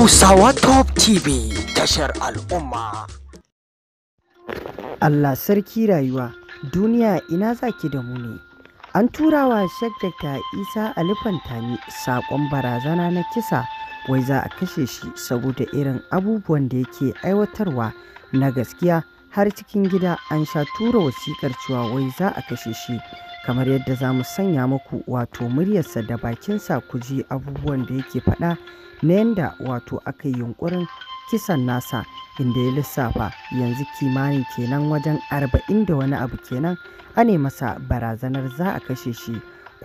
Hausawa Top TV tashar al'umma. Allah sarki rayuwa duniya ina zaki da mu ne. An turawa shaggata Isa Alifantani saƙon barazana na kisa wai za a kashe shi saboda irin abubuwan da yake aiwatarwa na gaskiya har cikin gida an sha tura wasiƙar cewa wai za a kashe shi kamar yadda za mu sanya muku wato muryarsa da bakinsa ku ji abubuwan da yake faɗa na yadda wato aka yi yunkurin kisan nasa inda ya lissafa yanzu kimanin kenan wajen arba'in da wani abu kenan a ne masa barazanar za a kashe shi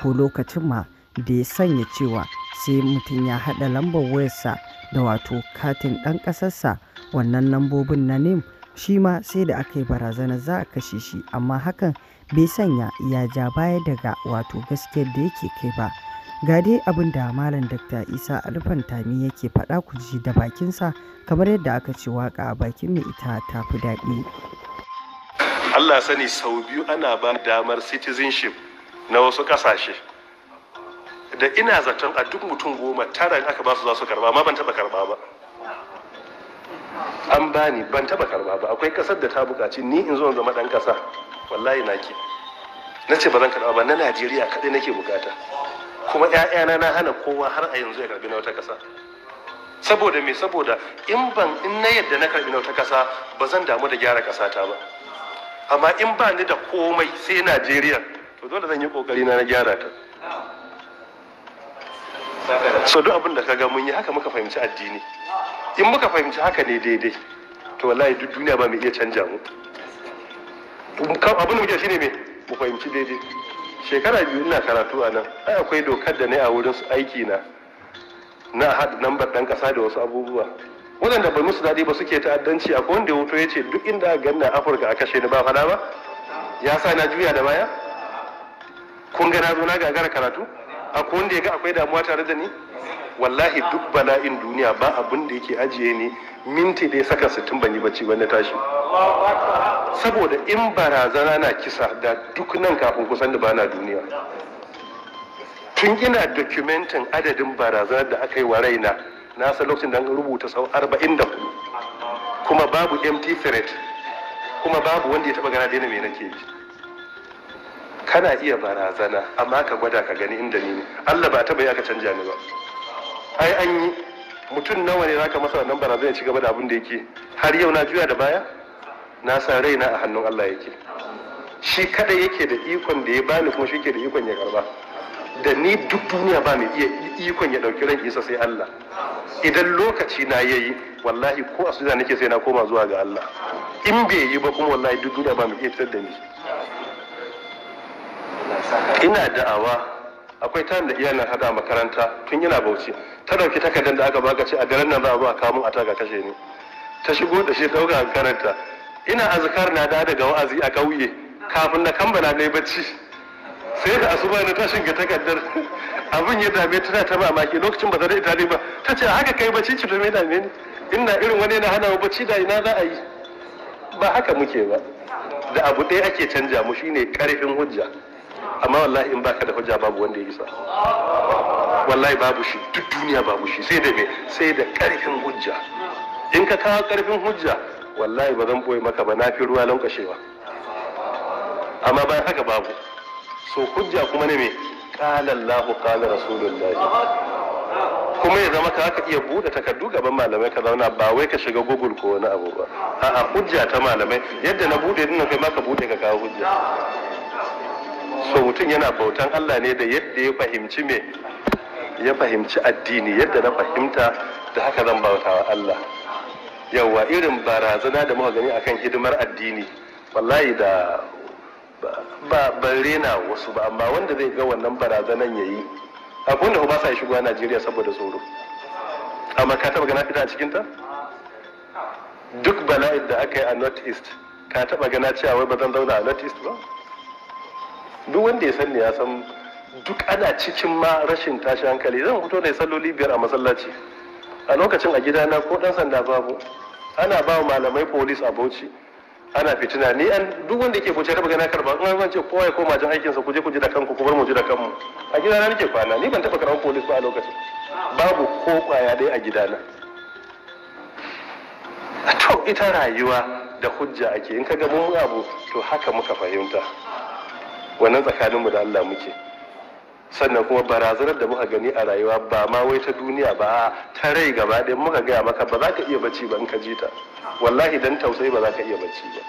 ko lokacin ma da ya sanya cewa sai mutum ya haɗa lambar wayarsa da wato katin ɗan ƙasarsa wannan lambobin na nim shi ma sai da aka yi barazanar za a kashe shi amma hakan bai sanya ya ja baya daga wato gaskiyar da yake kai ba. Ga dai abin da Malam Dr. Isa Alfan Tami yake faɗa ku da bakinsa kamar yadda aka ce waka a bakin mai ita ta fi daɗi. Allah sani sau biyu ana ba damar citizenship na wasu ƙasashe. Da ina zaton a duk mutum goma tara aka ba su za su karba ma ban taɓa karba ba. An bani ban taɓa karba ba akwai ƙasar da ta buƙaci ni in zo zama ɗan ƙasa wallahi ke Na ce ba zan karba ba na Najeriya kaɗai nake bukata. kuma 'ya'yana na hana kowa har a yanzu ya karbi na wata ƙasa saboda me saboda in ban in na yadda na karbi na wata ƙasa ba zan damu da gyara ƙasata ba amma in ba ni da komai sai najeriya to dole zan yi ƙoƙari na gyara ta so duk abin da ka ga mun yi haka muka fahimci addini in muka fahimci haka ne daidai to wallahi duk duniya ba mu iya canja mu abin da muke ne me mu fahimci daidai shekara biyu ina karatu a nan ai akwai dokar da ne a wurin aiki na na haɗa lambar ɗan ƙasa da wasu abubuwa waɗanda bai musu daɗi ba suke ta'addanci a wanda ya wuto ya ce duk inda a ganna afirka a kashe ni ba fada ba ya sa na juya da baya kun ga na zo na gagara karatu a wanda ya ga akwai damuwa tare da ni wallahi duk bala'in duniya ba abin da yake ajiye ni minti da saka sittin ban yi bacci ban na tashi saboda in barazana na kisa da duk nan kafin kusan da bana duniya tun ina dokumentin adadin barazanar da aka yi wa raina na san lokacin da rubuta sau 44 kuma babu empty threat kuma babu wanda ya taba gana daina mai nake yi kana iya barazana amma ka gwada ka gani inda ni ne Allah ba taba yi aka canja ni ba ai an yi mutum nawa ne zaka masa wannan barazana ya ci gaba da abin da yake har yau na juya da baya na san raina a hannun Allah yake shi kada yake da ikon da ya bani kuma shi ke da ikon ya karba da ni duk duniya ba mai iya ikon ya dauki ran isa sai Allah idan lokaci na yayi wallahi ko a suza nake sai na koma zuwa ga Allah in bai yi ba kuma wallahi duk duniya ba mai iya fitar da ni ina da'awa akwai ta da iyana hada makaranta tun yana bauchi ta dauki takardar da aka baka ce a daren nan za a zo a kawo a kashe ni ta shigo da shi dauka karanta ina azkar na da daga wa'azi a ƙauye kafin na kammala na bacci sai da asuba na tashin ga takardar abin ya dame tana ta mamaki lokacin ba zai ita ne ba ta ce haka kai bacci ki to me dame ni ina irin wani na hana bacci da ina za a yi ba haka muke ba da abu ɗaya ake canja mu shine ƙarfin hujja amma wallahi in baka da hujja babu wanda ya isa wallahi babu shi duk duniya babu shi sai da me sai da ƙarfin hujja in ka kawo ƙarfin hujja wallahi ba zan boye maka ba na fi ruwa kashewa. amma bayan haka babu so hujja kuma ne me qala Allahu qala rasulullahi kuma ya zama ka iya bude takardu gaban malamai ka zauna ba wai ka shiga google ko wani abu ba a'a hujja ta malamai yadda na bude dinnan kai maka ka bude ka kawo hujja so mutum yana bautan Allah ne da yadda ya fahimci me ya fahimci addini yadda na fahimta da haka zan bautawa Allah yawa irin barazana da muka gani akan hidimar addini wallahi da ba ban rena wasu ba amma wanda zai ga wannan barazanan ya yi abun da ba sa shigowa najeriya saboda tsoro amma ka taba gana fita a cikinta duk bala'in da aka yi a north east ka taba gana cewa wai ba zan zauna a north east ba duk wanda ya san ne ya san duk ana cikin ma rashin tashi hankali zan fito ne saloli biyar a masallaci a lokacin a gidana ko dan sanda babu ana ba malamai polis a bauchi ana fitina ni an duk wanda ke bauchi da na karba an ce kowa ya koma jin aikinsa ku je ku da kanku ku bar mu ji da kanmu a gidana nake kwana ni ban taba karban polis ba a lokacin babu ko kwaya dai a gidana to ita rayuwa da hujja ake in ka ga mun abu to haka muka fahimta wannan tsakaninmu da Allah muke sannan kuma barazanar da muka gani a rayuwa ba ma wai ta duniya ba ta rai gaba ɗaya muka gaya maka ba za ka iya bacci ba in ka ji ta wallahi dan tausayi ba za ka iya bacci ba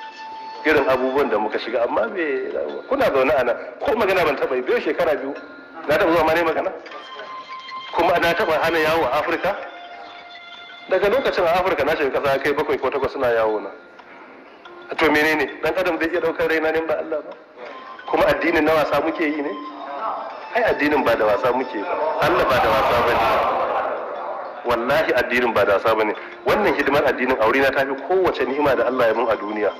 irin abubuwan da muka shiga amma be kuna zaune a nan ko magana ban taɓa biyu shekara biyu na taɓa zuwa ne magana kuma na taɓa hana yawo a afirka daga lokacin a afirka na shiga kasa kai bakwai ko takwas suna yawo na to menene dan adam zai iya ɗaukar raina ne ba allah ba kuma addinin na wasa muke yi ne ai addinin ba da wasa muke ba Allah ba da wasa ba ne wallahi addinin ba da wasa ba ne wannan hidimar addinin aure na tafi kowace ni'ima da Allah ya mun a duniya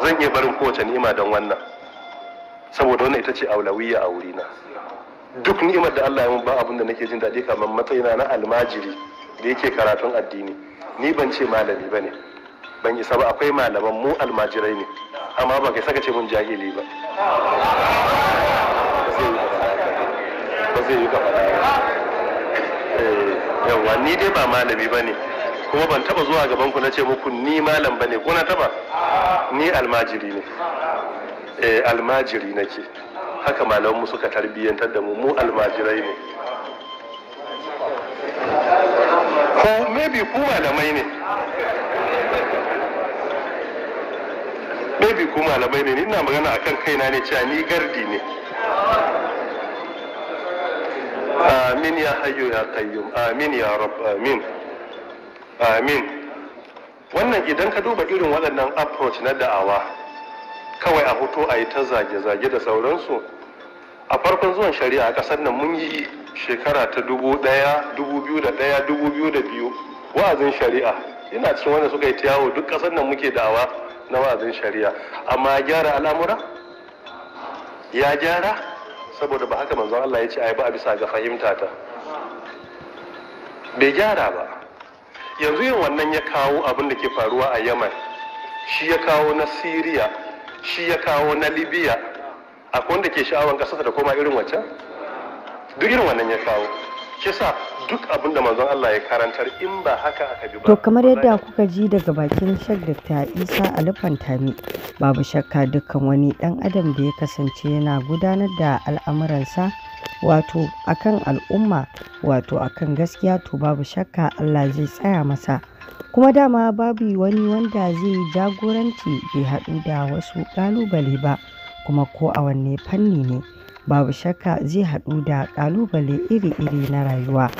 zan iya barin kowace ni'ima don wannan saboda wannan ita ce aulawiyya a na duk ni'imar da Allah ya mun ba abin da nake jin daɗi kamar matsayina na almajiri da yake karatun addini ni ban ce malami ba ne ban isa ba akwai malaman mu almajirai ne amma ba kai saka ce mun jahili ba zai yi ka faɗa yawa eh, ni dai ba malami ba ne kuma ban taba zuwa gaban ku na ce muku ni malam ba ne ko na taba ni almajiri ne eh almajiri nake haka mu suka tarbiyyantar da mu mu almajirai ne ko maybe ku malamai ne maybe ku malamai ne ina magana akan kaina ne cewa ni gardi ne آمين يا حي يا قيوم آمين يا رب آمين آمين wannan idan ka duba irin waɗannan approach na da'awa kawai a hoto a yi ta zage-zage da sauransu a farkon zuwan shari'a a ƙasar nan mun yi shekara ta dubu ɗaya dubu biyu da ɗaya dubu biyu da biyu wa'azin shari'a ina cikin wanda suka yi ta yawo duk ƙasar nan muke da'awa na wa'azin shari'a amma ya gyara al'amura ya gyara saboda ba haka manzon Allah ya ce ai ba bisa ga fahimta ta bai gyara ba yanzu yin wannan ya kawo abin da ke faruwa a Yaman shi ya kawo na Siriya, shi ya kawo na Libya akwai wanda ke sha'awan kasa da koma irin wancan duk irin wannan ya kawo kisa duk abin da manzon Allah ya karantar in ba haka aka bi ba to kamar yadda kuka ji daga bakin Sheikh ta Isa Alfantami babu shakka dukkan wani dan adam da ya kasance yana gudanar da al'amuransa wato akan al'umma wato akan gaskiya to babu shakka Allah zai tsaya masa kuma dama babu wani wanda zai jagoranci bai haɗu da wasu ƙalubale ba kuma ko a wanne fanni ne babu shakka zai haɗu da ƙalubale iri-iri na rayuwa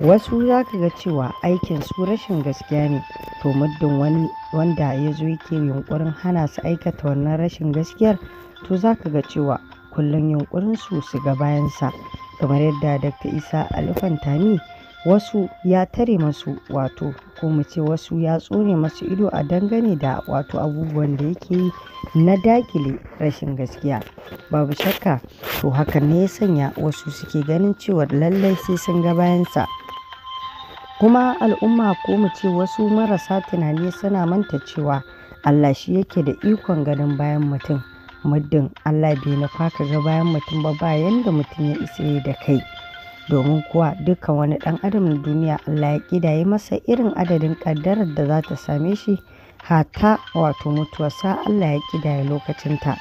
wasu za ka ga cewa aikin su rashin gaskiya ne to muddin wani wanda ya zo yake yunkurin hana su aikata wannan rashin gaskiyar to za ka ga cewa kullum yunkurin su su ga bayansa kamar yadda dr isa alifantami wasu ya tare masu wato ko mu ce wasu ya tsone masu ido a dangane da wato abubuwan da yake na dakile rashin gaskiya babu shakka to hakan ne ya sanya wasu suke ganin cewa lallai sai sun ga bayansa kuma al'umma ko mu ce wasu marasa tunani suna manta cewa allah shi yake da ikon ganin bayan mutum muddin allah bai na faka ga bayan mutum ba bayan da mutum ya isa da kai domin kuwa dukkan wani dan adam na duniya Allah ya kidaye masa irin adadin kaddarar da za ta same shi hata wato mutuwarsa Allah ya kidaye lokacinta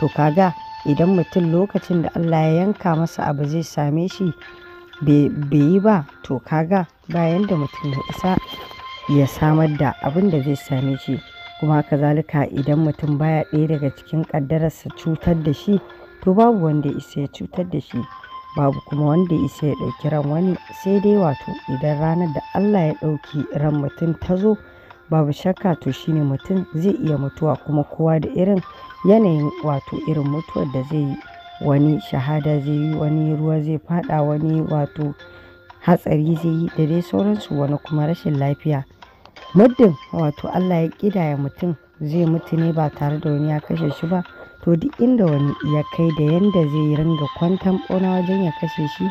to kaga idan mutum lokacin da Allah ya yanka masa abu zai same shi bai yi ba to kaga bayan da mutum ya isa ya samar da abin da zai same shi kuma kazalika idan mutum baya ɗaya daga cikin kaddararsa cutar da shi to babu wanda isa ya cutar da shi babu kuma wanda ya isa ya ɗauki ran wani sai dai wato idan ranar da Allah ya ɗauki ran mutum ta zo babu shakka to shine mutum zai iya mutuwa kuma kowa da irin yanayin wato irin mutuwar da zai yi wani shahada zai yi wani ruwa zai fada wani wato hatsari zai yi da dai sauransu wani kuma rashin lafiya muddin wato Allah ya kidaya mutum zai mutu ne ba tare da wani ya kashe shi ba to duk inda wani ya kai da yanda zai ringa kwantan ɓauna wajen ya kashe shi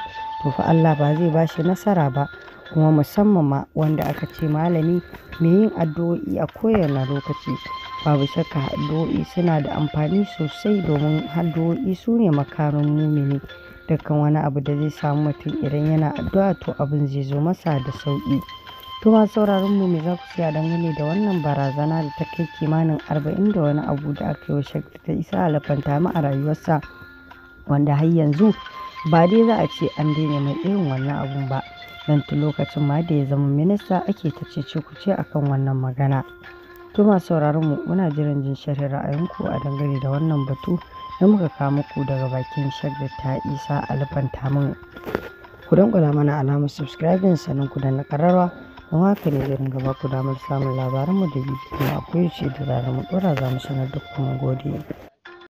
to fa Allah ba zai ba shi nasara ba kuma musamman ma wanda aka ce malami mai yin addu'o'i a koyarwa lokaci babu shakka addu'o'i suna da amfani sosai domin addu'o'i su ne makarin mumini dukkan wani abu da zai samu mutum idan yana addu'a to abin zai zo masa da sauƙi. tuma sauraronmu sauraron mu me za ku siya dangane da wannan barazana da ta kai kimanin arba'in da wani abu da aka yi wa ta isa alafanta mu a rayuwarsa wanda har yanzu ba dai za a ce an daina mai irin wannan abun ba don tun lokacin ma da ya zama minista ake ta cece ku ce akan wannan magana. tuma sauraronmu sauraron mu muna jiran jin sharhin ra'ayinku a dangane da wannan batu da muka kawo muku daga bakin shagda ta isa alafanta mu. Ku dangwala mana alamar subscribing sannan ku na kararwa don haka ne zai ringa baku damar samun labaranmu da bidiyo a koyaushe da zarar mu ɗora za mu sanar da ku gode